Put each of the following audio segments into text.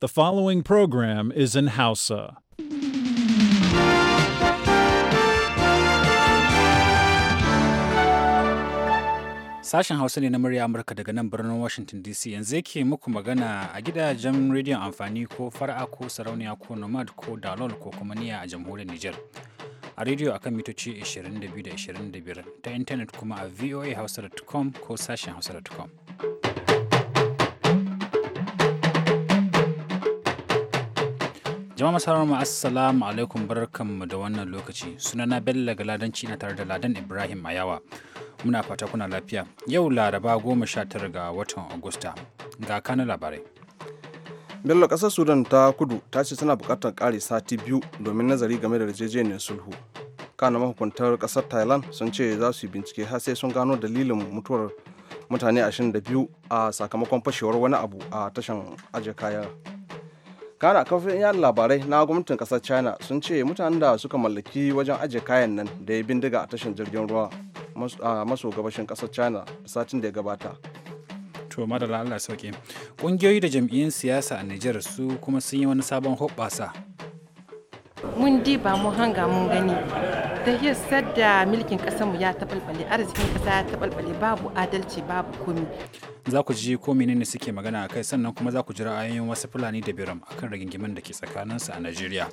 The following program is in Hausa. Sashen Hausa ne na murya Amurka daga nan birnin Washington DC yanzu yake muku magana a gidajen rediyon amfani ko fara'a ko sarauniya ko nomad ko dalol ko kuma niya a jamhuriyar Nijar. A rediyo akan mitoci 22 25 ta intanet kuma a voahausa.com ko sashen hausa.com. jama'a masarar assalamu alaikum mu da wannan lokaci sunana bello galadanci na tare da ladan ibrahim ayawa muna fata kuna lafiya yau laraba goma sha tara ga watan agusta ga kana labarai bello kasar sudan ta kudu ta ce tana bukatar kare sati biyu domin nazari game da yarjejeniyar sulhu kana mahukuntar kasar thailand sun ce za su yi bincike har sai sun gano dalilin mutuwar mutane 22 a sakamakon fashewar wani abu a tashan aje kaya kana kafin yada labarai na gwamnatin kasar china sun ce mutanen da suka mallaki wajen ajiye kayan nan da ya bindiga a tashin jirgin ruwa a maso gabashin kasar china satin da ya gabata to madalla allah sauke kungiyoyi da jam'iyyun siyasa a nijar su kuma sun yi wani sabon hoɓɓasa mun diba mu hanga mun gani tahiyar sadda milkin kasanmu ya taɓalɓale arzikin ƙasa ya taɓalɓale babu adalci babu komi za ku ji ko menene suke magana a kai sannan kuma za ku jira ra'ayoyin wasu fulani da biram akan rigingimin da ke tsakaninsu a najeriya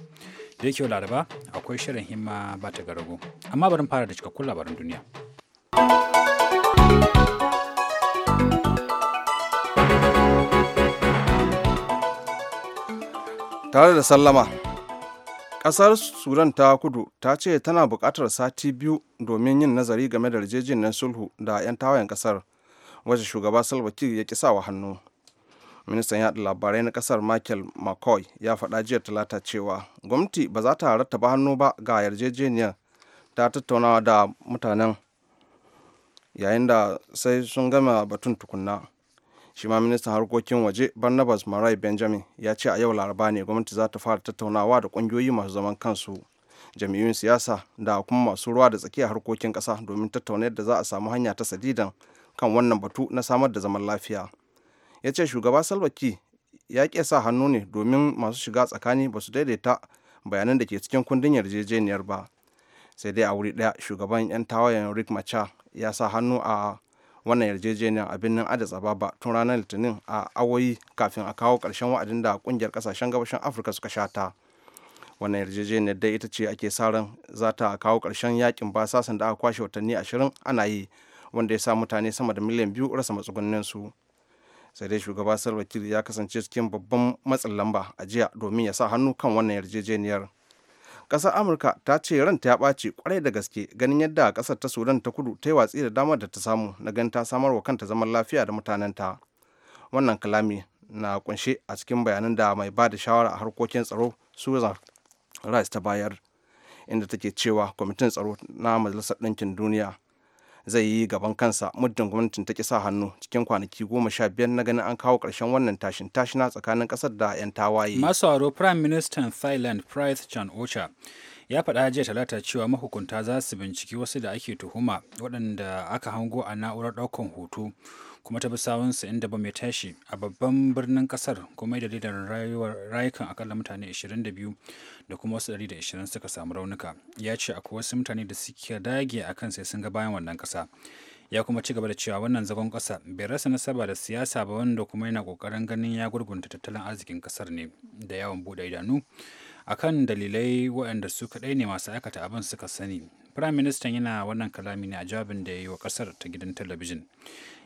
da yake laraba akwai shirin himma ba ta garago amma barin fara da cikakkun labaran duniya tare da sallama kasar sudan ta kudu ta ce tana buƙatar sati biyu domin yin nazari game da yarjejeniyar sulhu da 'yan tawayen kasar wacce shugaba salva kiir ya ki wa hannu ministan yaɗa labarai na kasar michael mccoy ya faɗa jiya talata cewa gwamnati ba za ta rattaba hannu ba ga yarjejeniyar ta tattaunawa da mutanen yayin da sai sun gama batun tukunna shi ma ministan harkokin waje barnabas marai benjamin ya ce a yau laraba ne gwamnati za ta fara tattaunawa da kungiyoyi masu zaman kansu jami'in siyasa da kuma masu ruwa da tsakiya harkokin kasa domin tattauna yadda za a samu hanya ta sadidan kan wannan batu na samar da zaman lafiya ya ce shugaba salwaki ya ƙi sa hannu ne domin masu shiga tsakani ba su daidaita bayanan da ke cikin kundin yarjejeniyar ba sai dai a wuri ɗaya shugaban 'yan tawayen rick macha ya sa hannu a wannan yarjejeniyar a birnin addis ababa tun ranar litinin a awoyi kafin a kawo karshen wa'adin da kungiyar kasashen gabashin afirka suka shata wannan yarjejeniyar dai ita ce ake sa ran za ta kawo karshen yakin basasan da aka kwashe watanni ashirin ana yi wanda ya sa mutane sama da miliyan biyu rasa matsugunnin su sai dai shugaba salwa ya kasance cikin babban matsin lamba a jiya domin ya sa hannu kan wannan yarjejeniyar ƙasar amurka ta ce ranta ya ɓaci kwarai da gaske ganin yadda ƙasar ta sudan ta kudu ta yi watsi da damar da ta samu na ganin ta samar wa kanta zaman lafiya da mutanenta wannan kalami na kunshe a cikin bayanan da mai ba da shawara a harkokin tsaro susan rice ta bayar inda take cewa kwamitin tsaro na majalisar ɗinkin duniya zai yi gaban kansa muddin gwamnatin ta kisa hannu cikin kwanaki goma sha biyar na ganin an kawo ƙarshen wannan tashin tashina tsakanin ƙasar da 'yan tawaye. masu aro prime minister thailand price chan ocha ya faɗa jiya talata cewa mahukunta za su binciki wasu da ake tuhuma waɗanda aka hango a na'urar ɗaukan hoto kuma ta bi sa inda bamu ya tashi a babban birnin kasar kuma dalilin rayukan akalla mutane 22 da kuma wasu 120 suka samu raunuka ya ce akwai wasu mutane da suke dage akan sai sun ga bayan wannan kasa ya kuma ci gaba da cewa wannan zagon kasa bai rasa nasaba da siyasa ba wanda kuma yana kokarin ganin ya gurgunta tattalin arzikin kasar ne da yawan bude idanu akan dalilai waɗanda su kaɗai ne masu aikata abin suka sani firayim ministan yana wannan kalami ne a jawabin da ya yi wa kasar ta gidan talabijin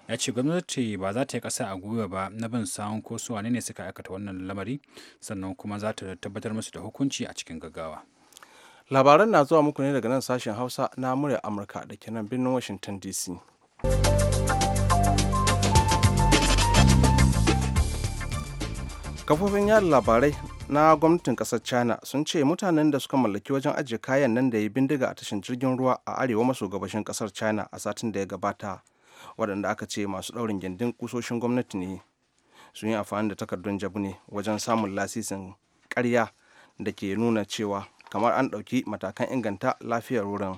ya ce gwamnati ba za ta yi kasa a gwiwa ba na bin sawun ko su ne suka aikata wannan lamari sannan kuma za ta tabbatar musu da hukunci a cikin gaggawa labaran na zuwa muku ne daga nan sashen hausa na murya amurka da kenan birnin washington dc kafofin yada labarai na gwamnatin kasar china sun ce mutanen da suka mallaki wajen ajiye kayan nan da ya bindiga a tashin jirgin ruwa a arewa maso gabashin kasar china a satin da ya gabata waɗanda aka ce masu ɗaurin gindin kusoshin gwamnati ne sun yi amfani da takardun jabu ne wajen samun lasisin karya da ke nuna cewa kamar an ɗauki matakan inganta lafiyar wurin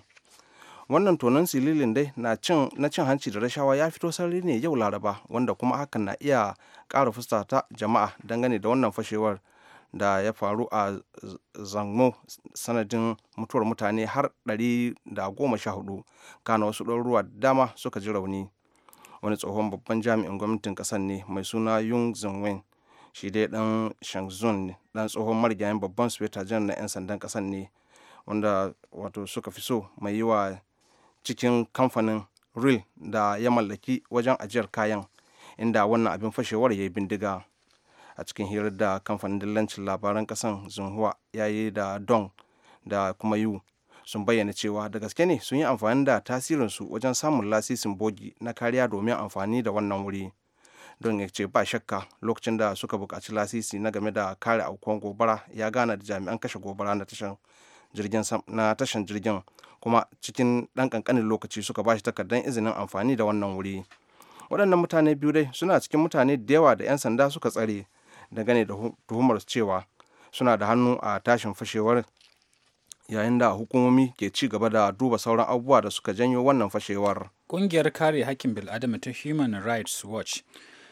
wannan tonon sililin dai na cin hanci da rashawa ya fito sarari ne yau laraba wanda kuma hakan na iya ƙara fuskata jama'a dangane da wannan fashewar da ya faru a zango sanadin mutuwar mutane har 114 kana wasu ɗaruruwa dama suka ji rauni wani tsohon babban jami'in gwamnatin kasar ne mai suna yung shi dai dan shangzun ne dan tsohon marigayen babban sufeta janar na 'yan sandan kasar ne wanda wato suka fi so mai yi wa cikin kamfanin ril da ya mallaki wajen ajiyar kayan inda wannan abin fashewar ya yi bindiga a cikin hirar da kamfanin dillancin labaran kasan zunhuwa ya yi da don da kuma yu sun bayyana cewa da gaske ne sun yi amfani da tasirinsu wajen samun lasisin bogi na kariya domin amfani da wannan wuri don ya ce ba shakka lokacin da suka buƙaci lasisi na game da kare aukuwan gobara ya gana da jami'an kashe gobara na tashan jirgin na tashan jirgin kuma cikin ɗan ƙanƙanin lokaci suka ba shi takardar izinin amfani da wannan wuri waɗannan mutane biyu dai suna cikin mutane da yawa da 'yan sanda suka tsare dangane da tuhumar cewa suna da hannu a tashin fashewar yayin da hukumomi ke ci gaba da duba sauran abubuwa da suka janyo wannan fashewar ƙungiyar kare hakkin bil'adama ta human rights watch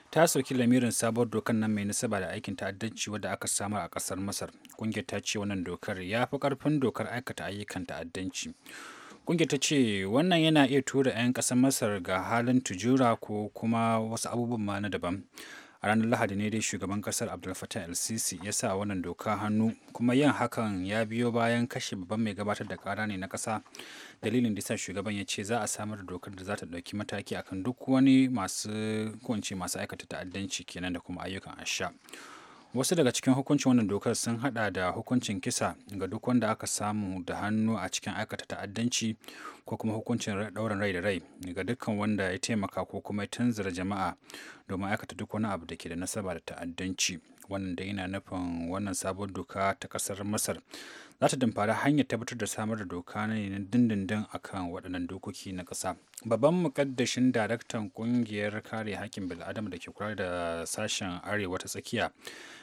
ta sauki lamirin sabuwar dokar nan mai nasaba da aikin ta'addanci wadda aka samar a ƙasar masar kungiyar ta ce wannan dokar ya fi karfin dokar aikata ayyukan ta'addanci kungiyar ta ce wannan yana iya tura 'yan ƙasar masar ga halin tujura ko kuma wasu abubuwan ma na daban ranar lahadi ne dai shugaban kasar abdul fatah el sisi ya sa wannan doka hannu kuma yin hakan ya biyo bayan kashe babban mai gabatar da kara ne na kasa dalilin da sa shugaban ya ce za a samar da dokar da za ta ɗauki mataki akan duk wani masu kowace masu aikata ta'addanci kenan da kuma ayyukan asha wasu daga cikin hukuncin wannan dokar sun hada da hukuncin kisa ga duk wanda aka samu da hannu a cikin aikata ta'addanci ko kuma hukuncin daurin rai da rai ga dukkan wanda ya taimaka ko kuma ya tanzara jama'a domin aikata duk wani abu da ke da nasaba da ta'addanci wannan da yana nufin wannan sabon doka ta kasar masar za ta damfara hanyar tabbatar da samar da doka ne na dindindin akan waɗannan dokoki na ƙasa babban mukaddashin daraktan ƙungiyar kare haƙƙin bil'adama da ke kula da sashen arewa ta tsakiya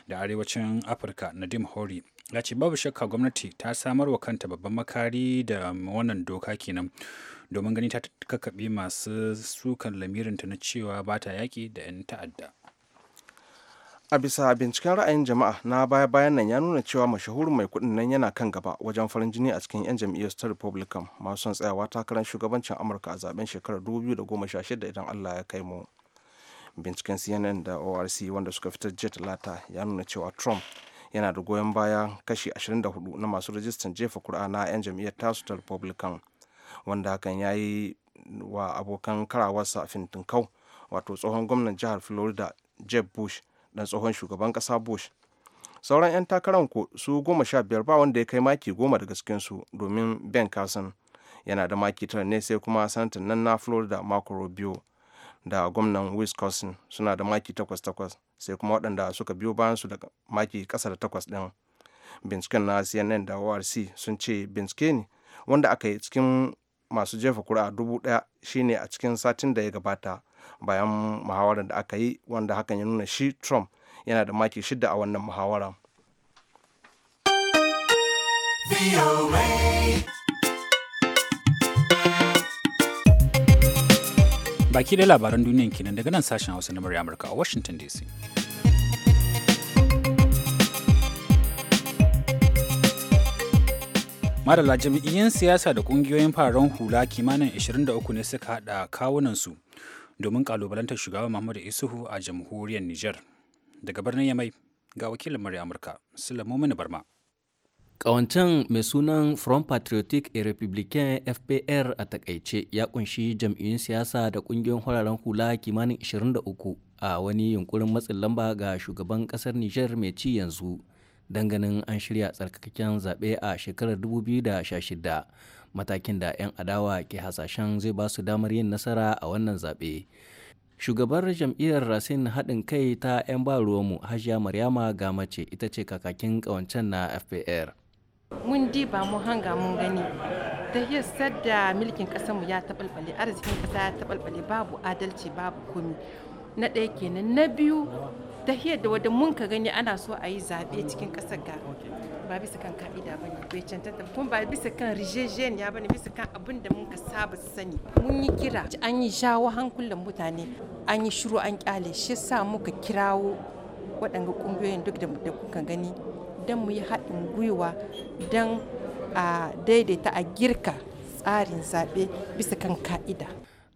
da arewacin afirka nadim hori ya ce babu shakka gwamnati ta samar wa kanta babban makari da wannan doka kenan domin gani ta kakaɓe masu sukan lamirinta na cewa ba ta yaƙi da 'yan ta'adda a bisa binciken ra'ayin jama'a na baya bayan nan ya nuna cewa mashahurin mai kudin nan yana kan gaba wajen farin jini a cikin 'yan jam'iyyar ta republican masu son tsayawa takarar shugabancin amurka a zaben shekarar 2016 idan allah ya kai mu binciken cnn da orc wanda suka fitar jiya talata ya nuna cewa trump yana da goyon baya kashi 24 na masu rajistan jefa kuri'a na 'yan jam'iyyar tasu ta republican wanda hakan ya yi wa abokan karawarsa fintin kau wato tsohon gwamnan jihar florida jeb bush dan tsohon shugaban kasa bush sauran 'yan takarar ku su goma sha biyar ba wanda ya kai maki goma da su domin ben carson yana da maki tara ne sai kuma sanatan nan na florida marco rubio da gwamnan wisconsin suna da maki takwas takwas sai kuma waɗanda suka biyo bayan su da maki ƙasa da takwas ɗin binciken na cnn da orc sun ce bincike ne wanda aka yi cikin masu jefa kuri'a dubu ɗaya shine a cikin satin da ya gabata bayan muhawarar da aka yi wanda hakan ya nuna shi trump yana da maki shida a wannan muhawarar. baki da labaran duniyan kenan daga nan sashen hausa na murya amurka a washington dc madalla jam'iyyun siyasa da kungiyoyin fararen hula kimanin 23 ne suka haɗa kawunansu domin kalubalantar shugaban muhammadu isuhu a jamhuriyar niger daga birnin yamai ga wakilin murya amurka sulamu barma Ƙawancen mai sunan Front Patriotic et Republican FPR a takaice ya kunshi jam'iyyun siyasa da ƙungiyoyin hararen hula kimanin 23 a wani yunkurin matsin lamba ga shugaban ƙasar Nijar mai ci yanzu. danganin an shirya tsarkakakken zaɓe a shekarar 2016 matakin da 'yan adawa ke hasashen zai ba su damar yin nasara a wannan zaɓe shugabar jam'iyyar rasin haɗin kai ta 'yan ba ruwanmu hajiya maryama ce ita ce kakakin ƙawancen na fpr mun diba mu hanga mun gani ta hissar sadda milkin kasanmu ya taɓalɓale arzikin ƙasa ya taɓalɓale babu adalci babu komi na ɗaya kenan na biyu ta da wadda mun ka gani ana so a yi zaɓe cikin ƙasar ga ba bisa kan ka'ida ba ne bai cancanta kuma ba bisa kan rijejen ya bane bisa kan abin da mun ka saba sani mun yi kira an yi shawo hankulan mutane an yi shiru an kyale shi sa muka kirawo waɗanga ƙungiyoyin duk da kuka gani don mu yi haɗin gwiwa don a daidaita a girka tsarin zaɓe bisa kan ka'ida.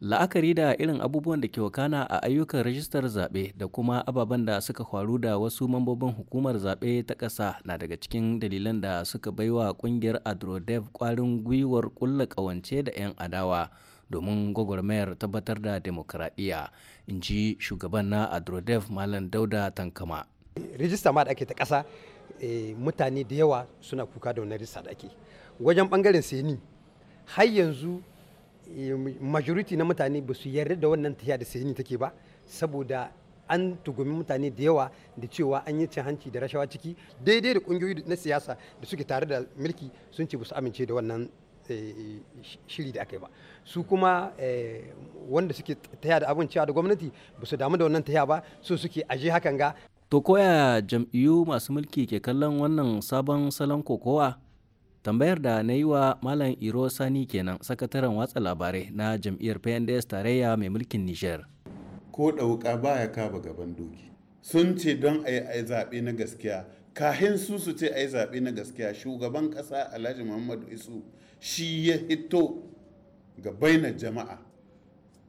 la'akari da irin abubuwan da ke wakana a ayyukan rajistar zaɓe da kuma ababen da suka faru da wasu mambobin hukumar zaɓe ta ƙasa na daga cikin dalilan da suka baiwa ƙungiyar adrodev ƙwarin gwiwar ƙulla ƙawance da 'yan adawa domin gwagwarmayar tabbatar da demokradiyya in ji shugaban na adrodev malam dauda tankama rijista ma da ake ta ƙasa Eh, mutane da yawa suna kuka da wani risa da wajen bangaren seni har yanzu eh, majority na mutane ba su yarda da wannan tafiya da seni take ba saboda an tugumi mutane da yawa da cewa an yi cin hanci da rashawa ciki daidai da kungiyoyi na siyasa da suke tare da mulki sun ce ba su amince da wannan eh, shiri da aka yi ba su kuma wanda suke taya da abin da gwamnati ba su damu da wannan taya ba su suke aje hakan ga To koya jam'iyyu masu mulki ke kallon wannan sabon salon kokowa? Tambayar da na yi wa Malam Iro Sani kenan sakataren watsa labarai na jam'iyyar PNDS tarayya mai mulkin Nijar. Ko ɗauka baya kaba gaban doki. Sun ce don a yi zaɓe na gaskiya. Kahin su su ce a yi zaɓe na gaskiya shugaban ƙasa Alhaji Muhammadu Isu shi ya hito ga bainar jama'a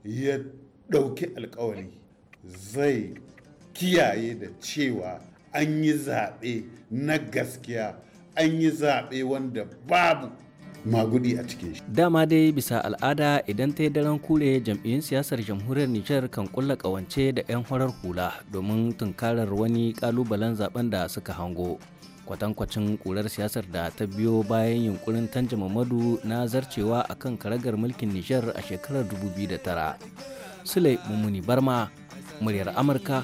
ya ɗauki alkawari zai kiyaye da cewa an yi zaɓe na gaskiya an yi zaɓe wanda babu magudi a cikin shi. Dama dai bisa al'ada idan ta yi daren kure jam'iyyun siyasar jamhuriyar Nijar kan kulla kawance da 'yan farar hula domin tunkarar wani kalubalen zaben da suka hango. kwatankwacin kurar siyasar da ta biyo bayan yunkurin tanja mamadu na zarcewa a kan karagar mulkin nijar a shekarar 2009 sule mummuni barma muryar amurka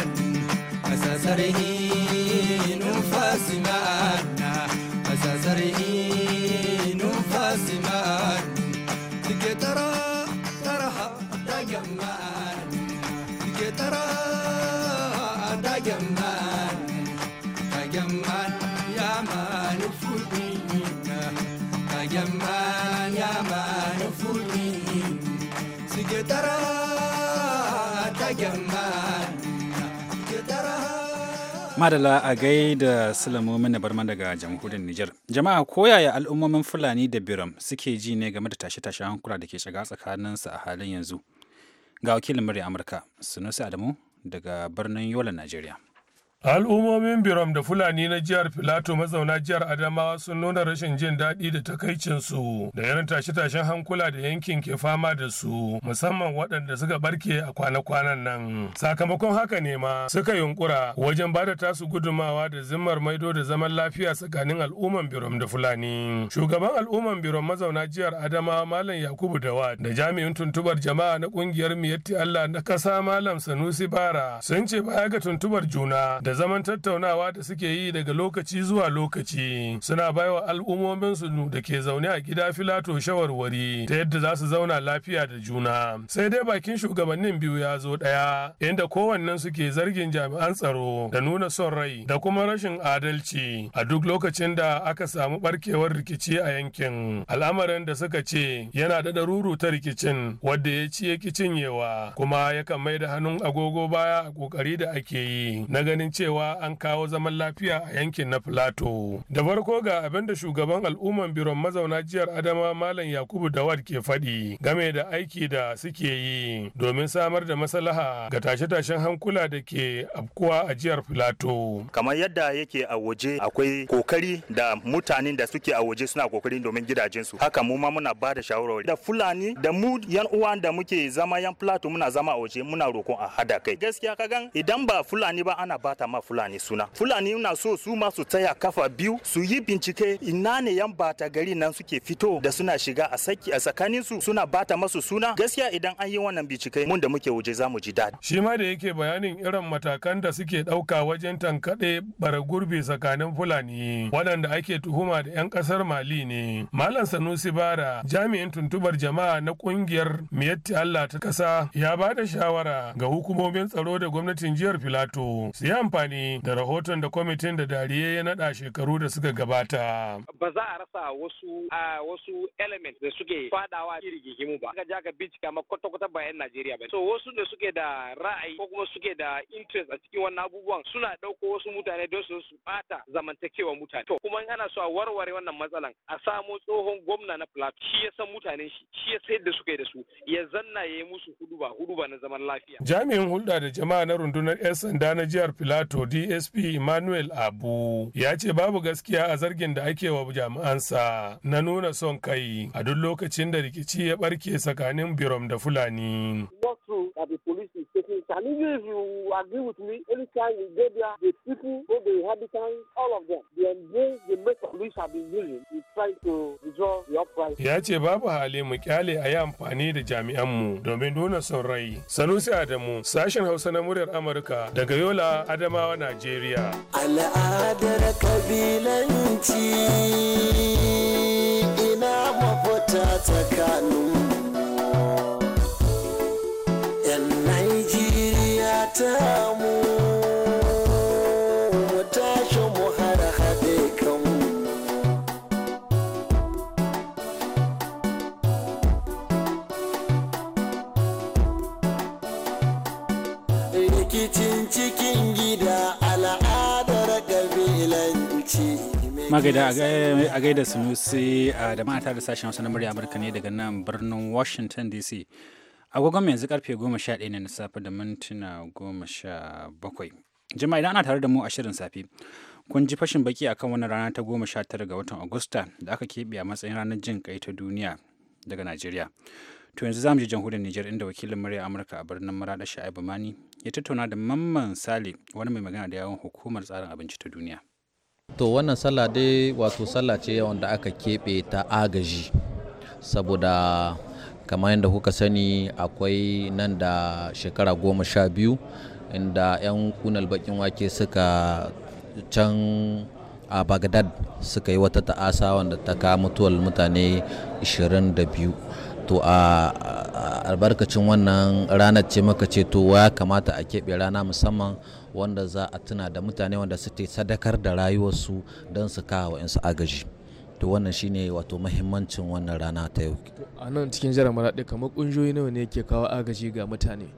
Madala a gaida na Barman daga jamhuriyar Nijar. Jama'a koyaya al'ummomin Fulani da Biram suke ji ne game da tashe-tashen hankula da ke shiga su a halin yanzu. Ga wakilin murya Amurka, Sunusi Adamu daga birnin Yola, Najeriya. Al'ummomin Biram da Fulani na jihar Filato mazauna jihar Adamawa sun nuna rashin jin daɗi da takaicinsu da irin tashe-tashen hankula da yankin ke fama da su musamman waɗanda suka barke a kwana-kwanan nan. Sakamakon haka ne ma suka yunkura wajen ba da tasu gudumawa da zimmar maido da zaman lafiya tsakanin al'umman Biram da Fulani. Shugaban al'umman Biram mazauna jihar Adamawa Malam Yakubu Dawa da jami'in tuntubar jama'a na ƙungiyar Miyatti Allah na ƙasa Malam Sanusi Bara sun ce baya ga tuntubar juna da da zaman tattaunawa da suke yi daga lokaci zuwa lokaci suna baiwa al'ummominsu da ke zaune a gida filato shawarwari ta yadda za su zauna lafiya da juna sai dai bakin shugabannin biyu ya zo ɗaya inda kowannen suke zargin jami'an tsaro da nuna son rai da kuma rashin adalci a duk lokacin da aka samu barkewar rikici a yankin al'amarin da suka ce yana da daruru ta rikicin wadda ya ci ya ki cinyewa kuma yakan mai da hannun agogo baya a kokari da ake yi na ganin cewa an kawo zaman lafiya a yankin na Filato. Da farko ga abin da shugaban al'umman biron mazauna jihar Adama Malam Yakubu Dawad ke faɗi game da aiki da suke yi domin samar da masalaha ga tashe-tashen hankula da ke afkuwa a jihar Filato. Kamar yadda yake a waje akwai kokari da mutanen da suke a waje suna kokari domin gidajensu. Haka mu ma muna ba da shawarwari. Da Fulani da mu yan uwa da muke zama yan Filato muna zama a waje muna roƙon a hada kai. Gaskiya ka gan idan ba Fulani ba ana bata ma fulani suna fulani na so su ma su tsaya kafa biyu su yi bincike ina ne yan bata gari nan suke fito da suna shiga a saki a tsakanin su suna bata masu suna gaskiya idan an yi wannan bincike mun da muke waje mu ji daɗi shi ma da yake bayanin irin matakan da suke ɗauka wajen tankaɗe bara gurbi tsakanin fulani waɗanda ake tuhuma da 'yan ƙasar mali ne malam sanusi bara jami'in tuntubar jama'a na ƙungiyar miyatti allah ta ƙasa ya ba da shawara ga hukumomin tsaro da gwamnatin jihar filato su yi amfani da rahoton da kwamitin da dariye ya naɗa shekaru da suka gabata. Ba za a rasa wasu a wasu element da suke fadawa rigigimu ba. Ka ja ka bincika ma kwata-kwata bayan Najeriya ba. So wasu da suke da ra'ayi ko kuma suke da interest a cikin wannan abubuwan suna ɗauko wasu mutane don su su bata zamantakewa mutane. To kuma in ana so a warware wannan matsalan a samo tsohon gwamna na Plateau shi ya san mutanen shi shi ya sayar da suka da su ya zanna ya yi musu huduba huduba na zaman lafiya. Jami'in hulɗa da jama'a na rundunar 'yan sanda na jihar Plateau wato dsp emmanuel abu ya ce babu gaskiya a zargin da ake wa jami'ansa na nuna son kai a duk lokacin da rikici ya barke tsakanin birom da fulani And even if you agree with me, anytime you go there, the people, all the inhabitants, all of them, they embrace the method which have been using in trying to withdraw the uprising. Ya ce babu hali mu kyale a yi amfani da jami'anmu domin nuna son rai. Sanusi Adamu, sashen Hausa na muryar Amurka daga Yola, Adamawa, Najeriya. Al'adar kabilanci ina mafita tsakaninmu. samu mu mu har haɗe kanmu rikicin cikin gida al'adar ƙabilanci magada a gaida sunusi da mata da sashen wasu na murya amurka ne daga nan birnin washington dc agogon yanzu karfe goma sha ɗaya na safe da mintuna goma sha jama'a idan ana tare da mu a shirin safe kun ji fashin baki akan wani rana ta goma sha tara ga watan agusta da aka keɓe a matsayin ranar jin kai ta duniya daga najeriya to yanzu zamu je jamhuriyar Nijar inda wakilin murya Amurka a birnin Marada Sha'ibu Mani ya tattauna da Mamman Sale wani mai magana da yawon hukumar tsarin abinci ta duniya. To wannan sallah dai wato sallah ce da aka keɓe ta agaji saboda kamar yadda kuka sani akwai nan da shekara goma sha biyu inda 'yan kunal bakin wake suka can a bagdad suka yi wata ta'asa wanda ta ka mutuwar mutane 22 to a albarkacin wannan ranar ce maka ce to ya kamata a keɓe rana musamman wanda za a tuna da mutane wanda suke sadakar da rayuwarsu don su kawo 'yansu agaji. to wannan shine wato mahimmancin wannan rana ta yau a nan cikin jihar maraɗi kamar ƙungiyoyi nawa ne ke kawo agaji ga mutane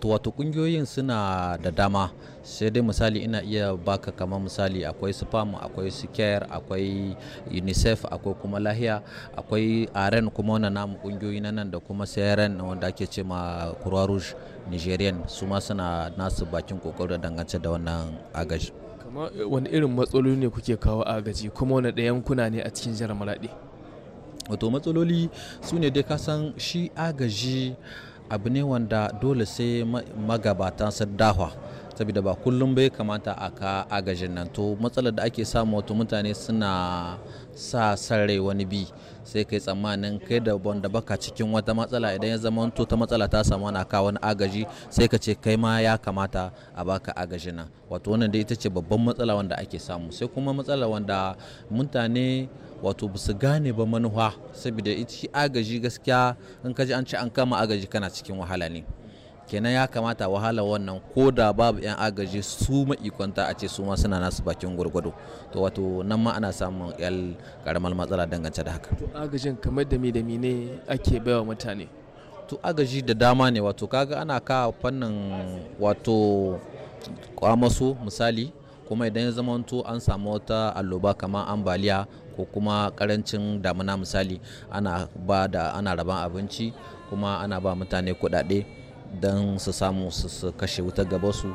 to wato ƙungiyoyin suna da dama sai dai misali ina iya baka kamar misali akwai spam akwai su akwai unicef akwai kuma lahiya akwai aren kuma wannan namu ƙungiyoyi na nan da kuma seren wanda ake ce ma croix rouge nigerian su ma suna nasu bakin kokoro dangance da wannan agaji Kama eh, wani irin matsaloli ne kuke kawo agaji kuma wani da yankuna ne a cikin jihar maladi. Wato matsaloli su ne dai kasan shi agaji abu ne wanda dole sai magabata sun dawa saboda ba kullum bai kamata a ka agajin nan to matsalar da ake samu wato mutane suna sa san rai wani bi sai kai tsammanin kai da wanda baka cikin wata matsala idan ya zama to ta matsala ta samu ana kawo wani agaji sai ka ce kai ma ya kamata a baka agaji na wato wannan dai ita ce babban matsala wanda ake samu sai kuma matsala wanda mutane wato ba su gane ba manuwa saboda ita agaji gaskiya in ka ji an ci an kama agaji kana cikin wahala ne kenan ya kamata wahala wannan ko da babu 'yan agaji su ma'ikwanta a ce su ma suna nasu bakin gwargwado to wato nan ma ana samun 'yan karamar matsala dangance da haka to agajin kamar da mi da mi ne ake baiwa mutane to agaji da dama ne wato kaga ana ka fannin wato kwamaso misali kuma idan ya zamanto an samu wata alloba kamar ambaliya ko kuma karancin damuna misali ana ba da ana raban abinci kuma ana ba mutane kudade. don su samu su kashe wutar gabansu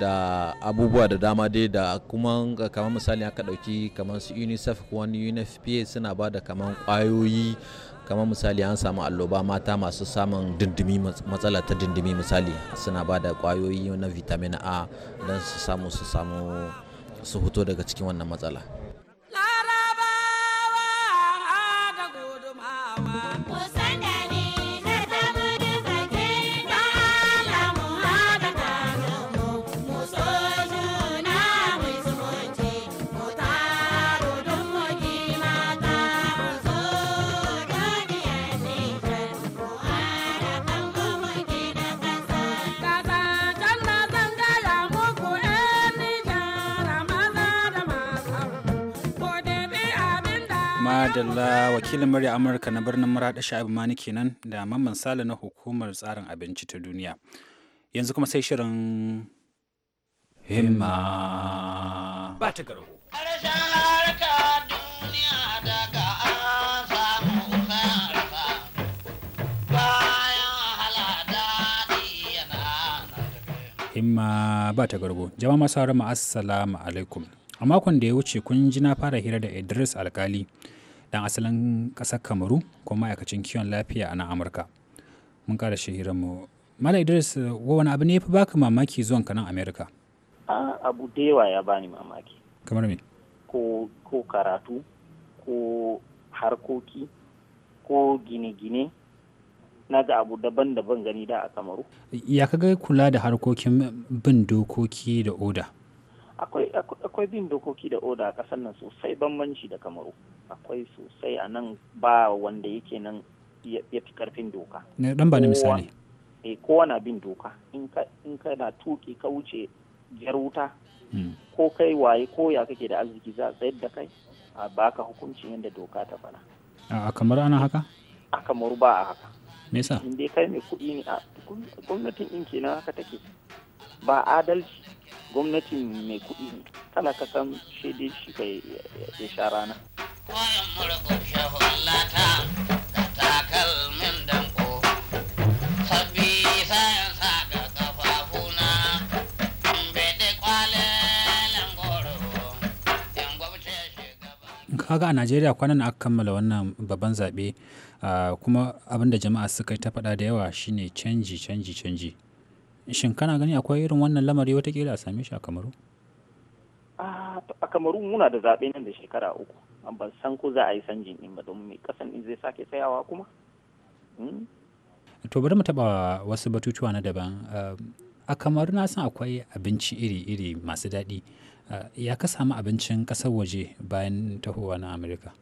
da abubuwa da dama dai da kuma kamar misali aka ɗauki kamar su unicef wani unfpa suna ba da kamar kwayoyi kamar misali an samu alloba mata masu samun dindimi matsala ta dindimi misali suna ba da kwayoyi na vitamin a don su samu su samu su fito daga cikin wannan matsala larabawa madalla wakilin murya amurka na birnin murada sha'ibu mani kenan da mamman sale na hukumar tsarin abinci ta duniya yanzu kuma sai shirin himma ba ta garo himma ba ta gargo jama masu haramu assalamu alaikum a makon da ya wuce kun ji na fara hira da idris alkali dan asalin kasar kamaru kuma ma'aikacin kiwon lafiya a amurka mun ƙara mu mala idris wani abu ne ya fi baka mamaki zuwan ka nan amerika abu da yawa ya bani mamaki kamar me ko karatu ko harkoki ko gine-gine na ga abu daban-daban gani da a kamaru ya ga kula da harkokin bin dokoki da oda akwai bin dokoki da oda a kasar nan sosai bambanci da kamaru akwai sosai a nan ba wanda yake nan ya fi karfin doka dan ba ni misali eh na bin doka in ka na tuki ka wuce jar wuta hmm. ko kai waye ko ya kake da arziki za a tsayar da kai a baka hukuncin yadda doka ta fara. a kamar ana haka a kamar ba a haka me yasa in dai kai mai kuɗi ne a gwamnatin in kenan haka take ba adalci gwamnatin mai kuɗi ne kala ka san shaidai shi kai ya sha rana kaga a najeriya kwanan aka kammala wannan babban zaɓe kuma abinda jama'a suka yi ta faɗa da yawa shine canji canji canji shin kana gani akwai irin wannan lamari watakila a same shi a kamaru a kamaru muna da zaɓe nan da shekara uku ban san ko za a yi sanjin din ba don mai kasan in zai sake tsayawa kuma hmm? to bari mu taba wasu batutuwa na daban eh, a kamar na san akwai abinci iri-iri masu daɗi eh, ya ka samu abincin ƙasar waje bayan tahowa na amurka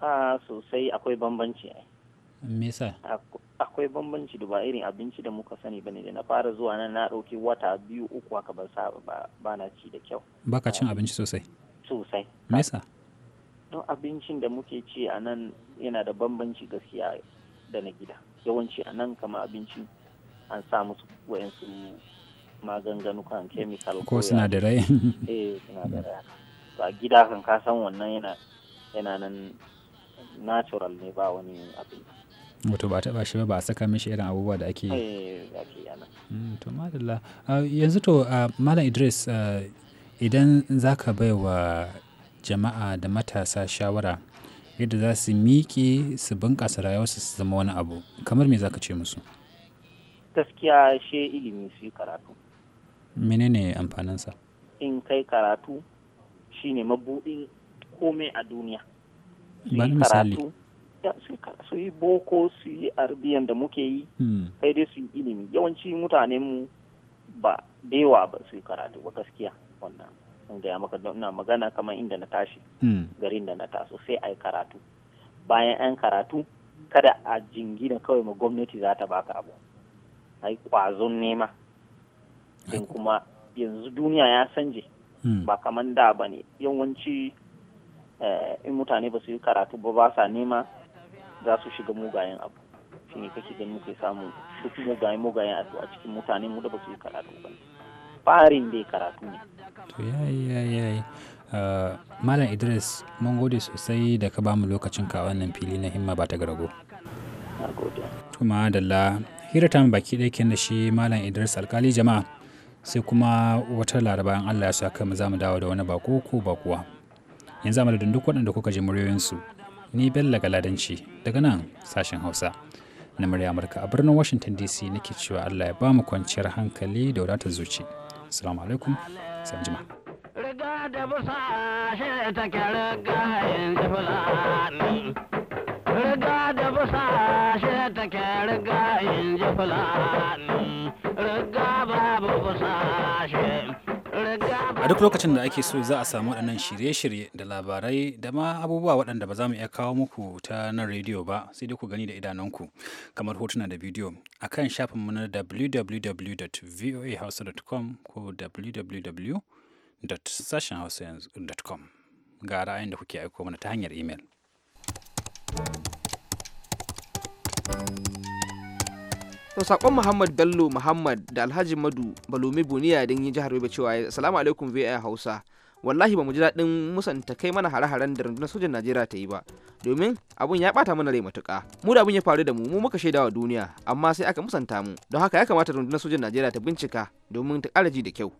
ah, sosai akwai bambanci me yasa akwai bambanci da ba irin abinci da muka sani bane da na fara zuwa nan na ɗauki wata biyu uku haka ba na ci da kyau baka cin abinci sosai sosai me yasa don abincin da muke ci a nan yana da bambanci gaskiya da na gida yawanci a nan kama abinci an sa musu wayansu maganganu kan chemical ko sinadarai eh sinadarai a gida kan ka san wannan yana yana nan natural ne ba wani abin wato ba taɓa shi ba ba a saka mishi irin abubuwa da ake eh, hmm, to madalla ah, yanzu to ah, malam idris ah, idan za ka baiwa. jama'a da matasa shawara yadda za su miƙe su bunƙasa rayuwarsu su zama wani abu kamar me za ka ce musu gaskiya shi ilimi su yi karatu menene amfaninsa in kai karatu shine mabuɗin komai a duniya bani misali su yi boko su yi arbiyan da muke yi kai hmm. dai su yi ilimi yawanci mutanen mu ba da yawa ba su yi karatu ba gaskiya wannan in gaya maka na magana kamar inda na tashi hmm. garin da na taso sai a yi karatu bayan 'yan karatu kada a jingina kawai ma gwamnati za ta baka abu a yi kwazon nema din kuma yanzu duniya ya sanje hmm. ba kamar da ba ne yawanci eh, in mutane ba su yi karatu ba ba sa nema za su shiga mugayen abu shi ne kake ganin muke samu duk mugayen mugayen a cikin mutane mu da ba su yi karatu ba farin dai karatu ne to yayi yayi uh, malam idris mun gode sosai da ka ba mu lokacin ka wannan fili na himma ba ta garago kuma dalla hira ta baki ɗaya kenan da shi malam idris alkali jama'a sai kuma wata laraba in allah ya sa kai mu za mu dawo da wani bako ko bakuwa yanzu amma da duk waɗanda kuka ji muryoyinsu ni bella galadanci daga nan sashen hausa na murya amurka a birnin washington dc nake cewa allah ya ba mu kwanciyar hankali da wadatar zuci. Assalamu alaikum sai an jima. Riga da busa shi take riga fulani. Riga da busa shi take riga fulani. Riga babu busa duk lokacin da ake so za a samu waɗannan shirye-shirye da labarai da ma abubuwa waɗanda ba za mu iya kawo muku ta nan rediyo ba sai dai ku gani da idanunku kamar hotuna da bidiyo a kan shafinmu na www.voahouse.com ko www.sashenhausa.com ga ra'ayin da kuke aiko mana ta hanyar imel. to sakon muhammad bello muhammad da alhaji madu balomi buniya din yi jihar yobe cewa assalamu alaikum vi hausa wallahi ba mu ji daɗin musanta kai mana hare-haren da rundunar sojan najeriya ta yi ba domin abun ya bata mana rai matuka mu da abun ya faru da mu mu muka shaidawa duniya amma sai aka musanta mu don haka ya kamata rundunar sojan najeriya ta bincika domin ta kara ji da kyau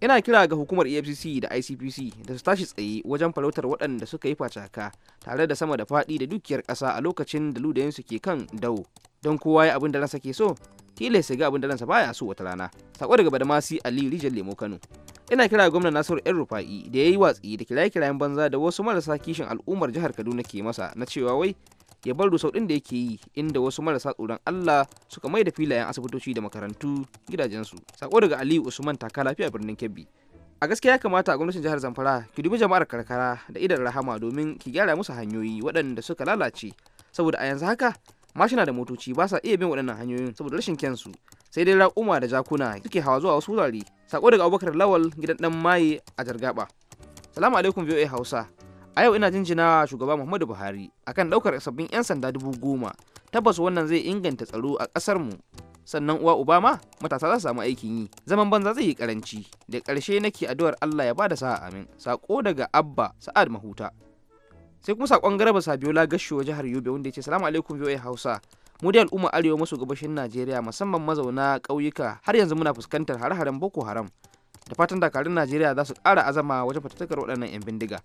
ina kira ga hukumar efcc da icpc da su tashi tsaye wajen farautar waɗanda suka yi facaka tare da sama da faɗi da dukiyar ƙasa a lokacin da ludayen su ke kan dawo don kowa ya abin da ransa ke so tile ya ga abin da ransa baya so wata rana sako daga badamasi aliyu rijal lemo kano ina kira gwamnan nasiru yan rufa'i da ya yi watsi da kiraye kirayen banza da wasu marasa kishin al'ummar jihar kaduna ke masa na cewa wai ya bar rusau din da yake yi inda wasu marasa tsoron allah suka mai da filayen asibitoci da makarantu gidajensu sako daga aliyu usman taka lafiya birnin kebbi a gaskiya ya kamata a gwamnatin jihar zamfara ki dubi jama'ar karkara da idan rahama domin ki gyara musu hanyoyi waɗanda suka lalace saboda a yanzu haka mashina da motoci ba sa iya bin waɗannan hanyoyin saboda rashin kyansu sai dai raƙuma da jakuna suke hawa zuwa wasu wurare sako daga abubakar lawal gidan dan maye a jargaba salamu alaikum voa hausa a yau ina jinjina shugaba muhammadu buhari akan ɗaukar sabbin 'yan sanda dubu goma tabbas wannan zai inganta tsaro a ƙasar mu sannan uwa uba matasa za su samu aikin yi zaman banza zai yi karanci da karshe nake addu'ar Allah ya bada sa'a amin sako daga abba sa'ad mahuta sai kuma sakon garba sabiola gashiwa jihar yobe wanda ya ce salamu alaikum voa hausa mu da al'umma arewa maso gabashin najeriya musamman mazauna ƙauyuka har yanzu muna fuskantar hare-haren boko haram da fatan dakarun najeriya za su ƙara azama wajen fatattakar waɗannan 'yan bindiga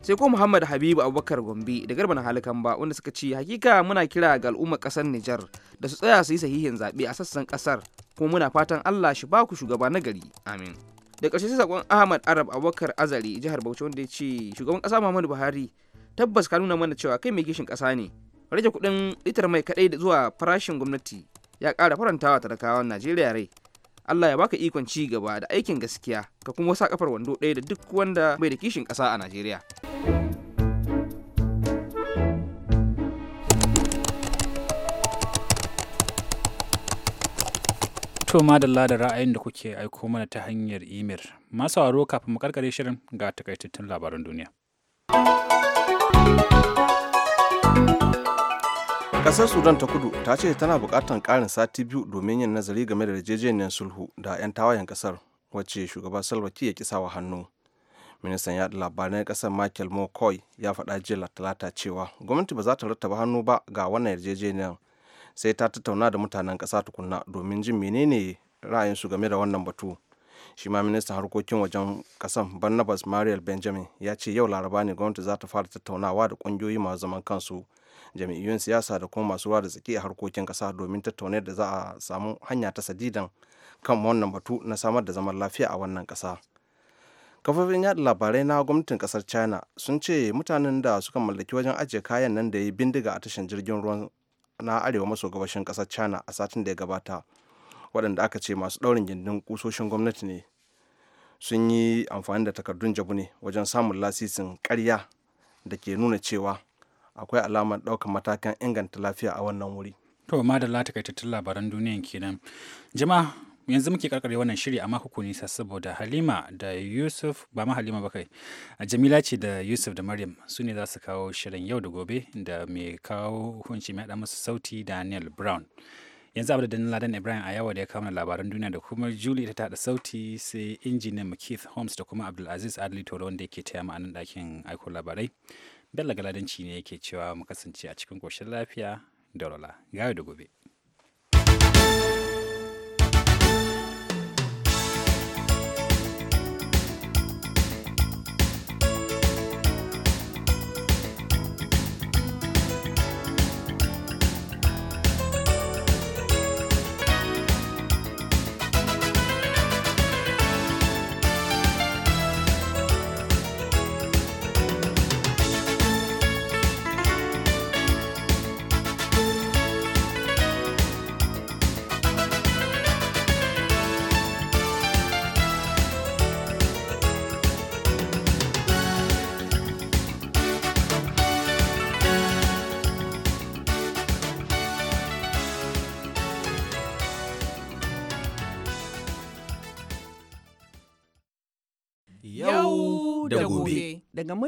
sai ko muhammad habibu abubakar gombe da garba na halikan ba wanda suka ce hakika muna kira ga al'umma ƙasar nijar da su tsaya su yi sahihin zaɓe a sassan ƙasar kuma muna fatan allah shi ba ku shugaba na gari amin da ƙarshe sai sakon ahmad arab abubakar azari jihar bauchi wanda ya ce shugaban ƙasa muhammadu buhari tabbas ka nuna mana cewa kai mai gishin ƙasa ne rage kuɗin litar mai kaɗai da zuwa farashin gwamnati ya ƙara farantawa talakawan najeriya rai allah ya baka ikon ci gaba da aikin gaskiya ka kuma sa kafar wando ɗaya da duk wanda bai da kishin ƙasa a najeriya. To madalla da ra'ayin da kuke aiko mana ta hanyar imel. Masu waro kafin mu karkare shirin ga takaitattun labaran duniya. Kasar Sudan ta kudu ta ce tana bukatar ƙarin sati biyu domin yin nazari game da yarjejeniyar sulhu da 'yan tawayen kasar wacce shugaba Salwa ya kisawa hannu. Ministan yaɗa labaran kasar Michael Mokoy ya faɗa jiya talata cewa gwamnati ba za ta rattaba hannu ba ga wannan yarjejeniyar sai ta tattauna da mutanen ƙasa tukunna domin jin menene ra'ayinsu game da wannan batu shi ma ministan harkokin wajen kasan barnabas mariel benjamin ya ce yau laraba ne gwamnati za ta fara tattaunawa da ƙungiyoyi masu zaman kansu jami'iyyun siyasa da kuma masu ruwa da tsaki a harkokin ƙasa domin tattaunar da za a samu hanya ta sadidan kan wannan batu na samar da zaman lafiya a wannan kasa kafofin yada labarai na gwamnatin kasar china sun ce mutanen da suka mallaki wajen ajiye kayan nan da ya bindiga a tashin jirgin ruwan na arewa maso gabashin ƙasar china a satin da ya gabata waɗanda aka ce masu ɗaurin gindin kusoshin gwamnati ne sun yi amfani da takardun jabu ne wajen samun lasisin karya da ke nuna cewa akwai alamar ɗaukar matakan inganta lafiya a wannan wuri. To, madalla takaitattun labaran duniyan kenan. Jama'a yanzu muke karkare wannan shiri a mako nisa saboda halima da yusuf ba ma halima ba kai jamila ce da yusuf da maryam su ne za su kawo shirin yau da gobe da mai kawo hukunci mai haɗa musu sauti daniel brown yanzu abu da ladan ibrahim a yawa da ya kawo labaran duniya da kuma julie ta da sauti sai injiniyan keith holmes da kuma abdulaziz adli toro wanda yake taya a nan ɗakin aiko labarai bello galadanci ne yake cewa mu kasance a cikin ƙoshin lafiya da rola gaya da gobe Гоморе